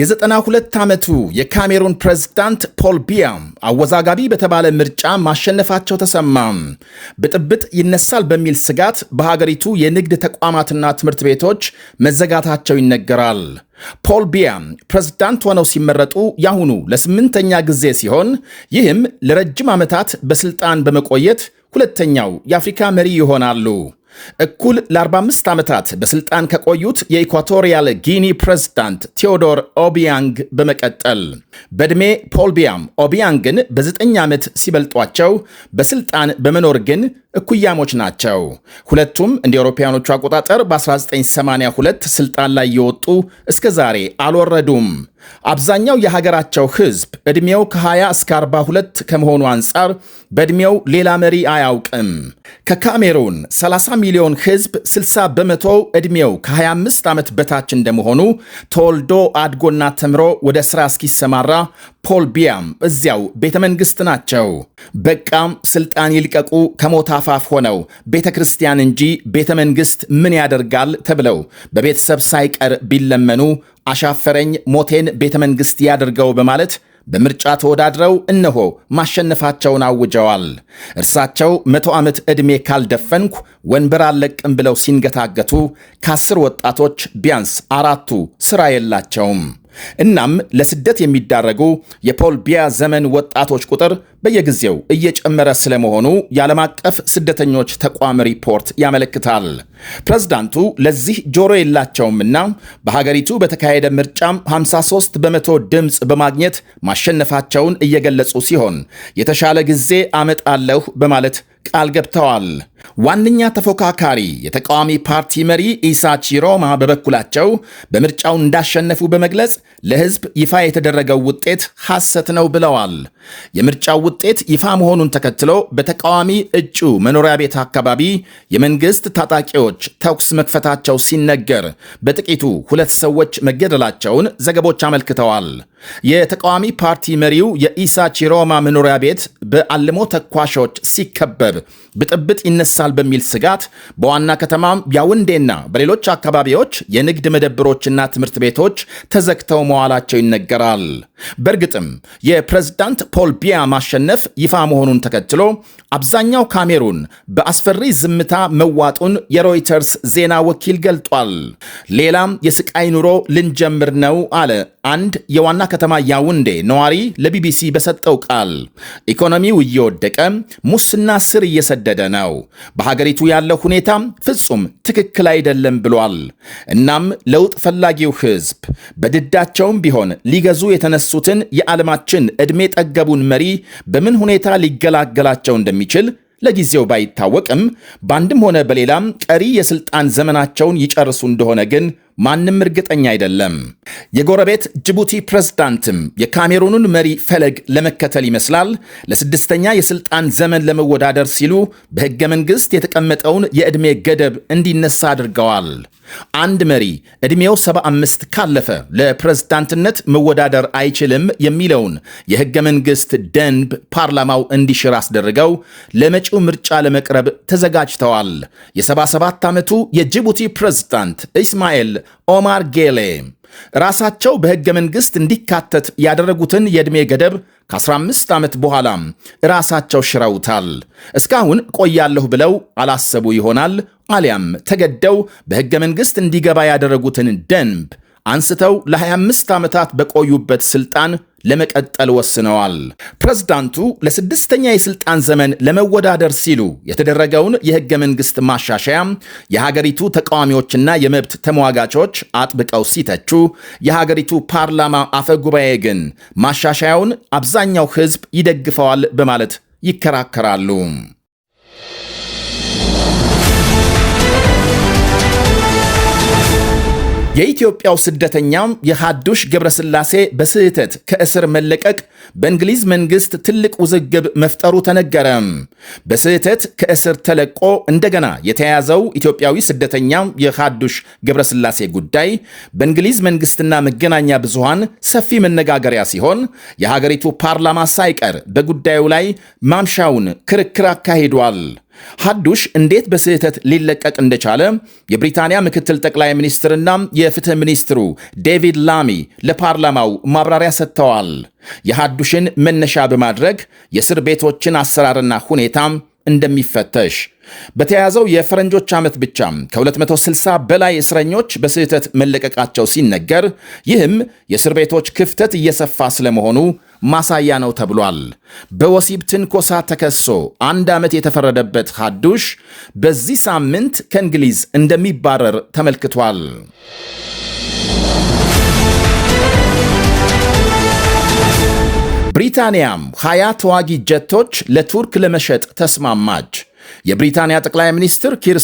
የ92 ዓመቱ የካሜሩን ፕሬዝዳንት ፖል ቢያ አወዛጋቢ በተባለ ምርጫ ማሸነፋቸው ተሰማ። ብጥብጥ ይነሳል በሚል ስጋት በሀገሪቱ የንግድ ተቋማትና ትምህርት ቤቶች መዘጋታቸው ይነገራል። ፖል ቢያ ፕሬዝዳንት ሆነው ሲመረጡ ያሁኑ ለስምንተኛ ጊዜ ሲሆን ይህም ለረጅም ዓመታት በስልጣን በመቆየት ሁለተኛው የአፍሪካ መሪ ይሆናሉ። እኩል ለ45 ዓመታት በሥልጣን ከቆዩት የኢኳቶሪያል ጊኒ ፕሬዝዳንት ቴዎዶር ኦቢያንግ በመቀጠል በዕድሜ ፖል ቢያም ኦቢያንግን በ9 ዓመት ሲበልጧቸው በሥልጣን በመኖር ግን እኩያሞች ናቸው። ሁለቱም እንደ አውሮፓውያኖቹ አቆጣጠር በ1982 ሥልጣን ላይ የወጡ እስከ ዛሬ አልወረዱም። አብዛኛው የሀገራቸው ህዝብ ዕድሜው ከ20 እስከ 42 ከመሆኑ አንጻር በዕድሜው ሌላ መሪ አያውቅም። ከካሜሩን 30 ሚሊዮን ህዝብ 60 በመቶ ዕድሜው ከ25 ዓመት በታች እንደመሆኑ ተወልዶ አድጎና ተምሮ ወደ ሥራ እስኪሰማራ ፖል ቢያም እዚያው ቤተ መንግሥት ናቸው። በቃም ስልጣን ይልቀቁ ከሞት አፋፍ ሆነው ቤተ ክርስቲያን እንጂ ቤተ መንግሥት ምን ያደርጋል ተብለው በቤተሰብ ሳይቀር ቢለመኑ አሻፈረኝ ሞቴን ቤተ መንግሥት ያድርገው በማለት በምርጫ ተወዳድረው እነሆ ማሸነፋቸውን አውጀዋል። እርሳቸው መቶ ዓመት ዕድሜ ካልደፈንኩ ወንበር አልለቅም ብለው ሲንገታገቱ ከአስር ወጣቶች ቢያንስ አራቱ ሥራ የላቸውም። እናም ለስደት የሚዳረጉ የፖል ቢያ ዘመን ወጣቶች ቁጥር በየጊዜው እየጨመረ ስለመሆኑ የዓለም አቀፍ ስደተኞች ተቋም ሪፖርት ያመለክታል። ፕሬዝዳንቱ ለዚህ ጆሮ የላቸውምና በሀገሪቱ በተካሄደ ምርጫም 53 በመቶ ድምፅ በማግኘት ማሸነፋቸውን እየገለጹ ሲሆን የተሻለ ጊዜ አመጣለሁ በማለት ቃል ገብተዋል። ዋነኛ ተፎካካሪ የተቃዋሚ ፓርቲ መሪ ኢሳ ቺሮማ በበኩላቸው በምርጫው እንዳሸነፉ በመግለጽ ለሕዝብ ይፋ የተደረገው ውጤት ሐሰት ነው ብለዋል። የምርጫው ውጤት ይፋ መሆኑን ተከትሎ በተቃዋሚ እጩ መኖሪያ ቤት አካባቢ የመንግሥት ታጣቂዎች ተኩስ መክፈታቸው ሲነገር በጥቂቱ ሁለት ሰዎች መገደላቸውን ዘገቦች አመልክተዋል። የተቃዋሚ ፓርቲ መሪው የኢሳ ቺሮማ መኖሪያ ቤት በአልሞ ተኳሾች ሲከበብ ብጥብጥ ይነሳ ይነሳል በሚል ስጋት በዋና ከተማ ያውንዴና በሌሎች አካባቢዎች የንግድ መደብሮችና ትምህርት ቤቶች ተዘግተው መዋላቸው ይነገራል። በእርግጥም የፕሬዝዳንት ፖል ቢያ ማሸነፍ ይፋ መሆኑን ተከትሎ አብዛኛው ካሜሩን በአስፈሪ ዝምታ መዋጡን የሮይተርስ ዜና ወኪል ገልጧል። ሌላም የስቃይ ኑሮ ልንጀምር ነው አለ አንድ የዋና ከተማ ያውንዴ ነዋሪ ለቢቢሲ በሰጠው ቃል። ኢኮኖሚው እየወደቀ ሙስና ስር እየሰደደ ነው። በሀገሪቱ ያለው ሁኔታ ፍጹም ትክክል አይደለም ብሏል። እናም ለውጥ ፈላጊው ህዝብ በድዳቸውም ቢሆን ሊገዙ የተነሱትን የዓለማችን ዕድሜ ጠገቡን መሪ በምን ሁኔታ ሊገላገላቸው እንደሚችል ለጊዜው ባይታወቅም በአንድም ሆነ በሌላም ቀሪ የሥልጣን ዘመናቸውን ይጨርሱ እንደሆነ ግን ማንም እርግጠኛ አይደለም። የጎረቤት ጅቡቲ ፕሬዝዳንትም የካሜሩኑን መሪ ፈለግ ለመከተል ይመስላል ለስድስተኛ የስልጣን ዘመን ለመወዳደር ሲሉ በሕገ መንግሥት የተቀመጠውን የዕድሜ ገደብ እንዲነሳ አድርገዋል። አንድ መሪ ዕድሜው 75 ካለፈ ለፕሬዝዳንትነት መወዳደር አይችልም የሚለውን የሕገ መንግሥት ደንብ ፓርላማው እንዲሽር አስደርገው ለመጪው ምርጫ ለመቅረብ ተዘጋጅተዋል። የ77 ዓመቱ የጅቡቲ ፕሬዝዳንት ኢስማኤል ኦማር ጌሌ ራሳቸው በሕገ መንግሥት እንዲካተት ያደረጉትን የዕድሜ ገደብ ከ15 ዓመት በኋላ ራሳቸው ሽረውታል። እስካሁን ቆያለሁ ብለው አላሰቡ ይሆናል። አሊያም ተገደው በሕገ መንግሥት እንዲገባ ያደረጉትን ደንብ አንስተው ለ25 ዓመታት በቆዩበት ስልጣን ለመቀጠል ወስነዋል። ፕሬዝዳንቱ ለስድስተኛ የስልጣን ዘመን ለመወዳደር ሲሉ የተደረገውን የህገ መንግስት ማሻሻያ የሀገሪቱ ተቃዋሚዎችና የመብት ተሟጋቾች አጥብቀው ሲተቹ፣ የሀገሪቱ ፓርላማ አፈ ጉባኤ ግን ማሻሻያውን አብዛኛው ህዝብ ይደግፈዋል በማለት ይከራከራሉ። የኢትዮጵያው ስደተኛም የሐዱሽ ገብረስላሴ በስህተት ከእስር መለቀቅ በእንግሊዝ መንግሥት ትልቅ ውዝግብ መፍጠሩ ተነገረም። በስህተት ከእስር ተለቆ እንደገና የተያዘው ኢትዮጵያዊ ስደተኛ የሐዱሽ ገብረስላሴ ጉዳይ በእንግሊዝ መንግሥትና መገናኛ ብዙሃን ሰፊ መነጋገሪያ ሲሆን የሀገሪቱ ፓርላማ ሳይቀር በጉዳዩ ላይ ማምሻውን ክርክር አካሂዷል። ሀዱሽ እንዴት በስህተት ሊለቀቅ እንደቻለ የብሪታንያ ምክትል ጠቅላይ ሚኒስትርና የፍትህ ሚኒስትሩ ዴቪድ ላሚ ለፓርላማው ማብራሪያ ሰጥተዋል። የሀዱሽን መነሻ በማድረግ የእስር ቤቶችን አሰራርና ሁኔታ እንደሚፈተሽ በተያያዘው የፈረንጆች ዓመት ብቻ ከ260 በላይ እስረኞች በስህተት መለቀቃቸው ሲነገር ይህም የእስር ቤቶች ክፍተት እየሰፋ ስለመሆኑ ማሳያ ነው ተብሏል። በወሲብ ትንኮሳ ተከሶ አንድ ዓመት የተፈረደበት ሐዱሽ በዚህ ሳምንት ከእንግሊዝ እንደሚባረር ተመልክቷል። ብሪታንያም ሀያ ተዋጊ ጀቶች ለቱርክ ለመሸጥ ተስማማች። የብሪታንያ ጠቅላይ ሚኒስትር ኪር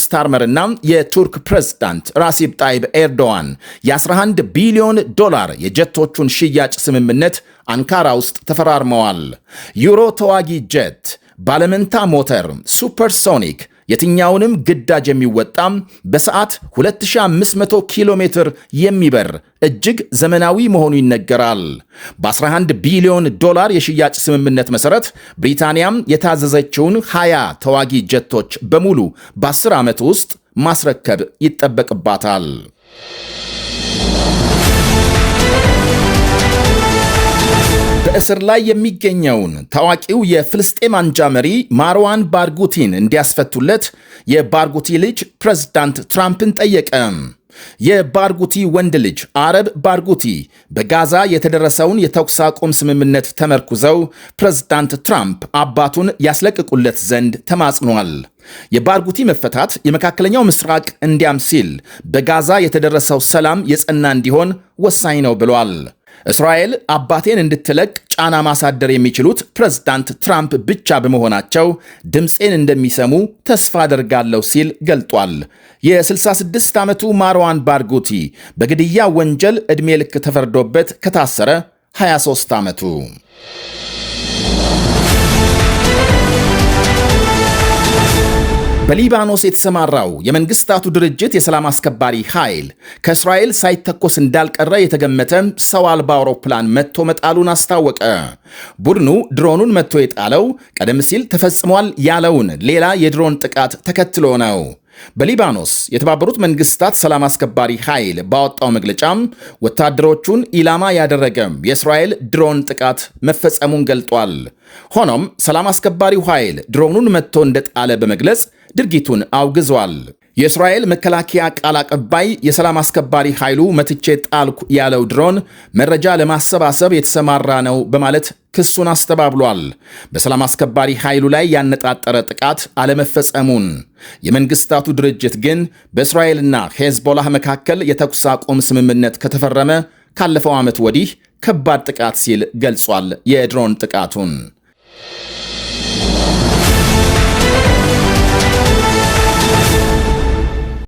እና የቱርክ ፕሬዝዳንት ራሲብ ጣይብ ኤርዶዋን የ11 ቢሊዮን ዶላር የጀቶቹን ሽያጭ ስምምነት አንካራ ውስጥ ተፈራርመዋል። ዩሮ ተዋጊ ጀት፣ ባለመንታ ሞተር፣ ሱፐርሶኒክ የትኛውንም ግዳጅ የሚወጣ በሰዓት 2500 ኪሎ ሜትር የሚበር እጅግ ዘመናዊ መሆኑ ይነገራል። በ11 ቢሊዮን ዶላር የሽያጭ ስምምነት መሠረት ብሪታንያም የታዘዘችውን 20 ተዋጊ ጀቶች በሙሉ በ10 ዓመት ውስጥ ማስረከብ ይጠበቅባታል። በእስር ላይ የሚገኘውን ታዋቂው የፍልስጤም አንጃ መሪ ማርዋን ባርጉቲን እንዲያስፈቱለት የባርጉቲ ልጅ ፕሬዝዳንት ትራምፕን ጠየቀ። የባርጉቲ ወንድ ልጅ አረብ ባርጉቲ በጋዛ የተደረሰውን የተኩስ አቁም ስምምነት ተመርኩዘው ፕሬዝዳንት ትራምፕ አባቱን ያስለቅቁለት ዘንድ ተማጽኗል። የባርጉቲ መፈታት የመካከለኛው ምስራቅ እንዲያም ሲል በጋዛ የተደረሰው ሰላም የጸና እንዲሆን ወሳኝ ነው ብሏል። እስራኤል አባቴን እንድትለቅ ጫና ማሳደር የሚችሉት ፕሬዝዳንት ትራምፕ ብቻ በመሆናቸው ድምፄን እንደሚሰሙ ተስፋ አደርጋለሁ ሲል ገልጧል። የ66 ዓመቱ ማርዋን ባርጉቲ በግድያ ወንጀል ዕድሜ ልክ ተፈርዶበት ከታሰረ 23 ዓመቱ በሊባኖስ የተሰማራው የመንግስታቱ ድርጅት የሰላም አስከባሪ ኃይል ከእስራኤል ሳይተኮስ እንዳልቀረ የተገመተ ሰው አልባ አውሮፕላን መጥቶ መጣሉን አስታወቀ። ቡድኑ ድሮኑን መጥቶ የጣለው ቀደም ሲል ተፈጽሟል ያለውን ሌላ የድሮን ጥቃት ተከትሎ ነው። በሊባኖስ የተባበሩት መንግስታት ሰላም አስከባሪ ኃይል ባወጣው መግለጫም ወታደሮቹን ኢላማ ያደረገም የእስራኤል ድሮን ጥቃት መፈጸሙን ገልጧል። ሆኖም ሰላም አስከባሪው ኃይል ድሮኑን መጥቶ እንደጣለ በመግለጽ ድርጊቱን አውግዟል። የእስራኤል መከላከያ ቃል አቀባይ የሰላም አስከባሪ ኃይሉ መትቼ ጣልኩ ያለው ድሮን መረጃ ለማሰባሰብ የተሰማራ ነው በማለት ክሱን አስተባብሏል። በሰላም አስከባሪ ኃይሉ ላይ ያነጣጠረ ጥቃት አለመፈጸሙን፣ የመንግስታቱ ድርጅት ግን በእስራኤልና ሄዝቦላህ መካከል የተኩስ አቁም ስምምነት ከተፈረመ ካለፈው ዓመት ወዲህ ከባድ ጥቃት ሲል ገልጿል። የድሮን ጥቃቱን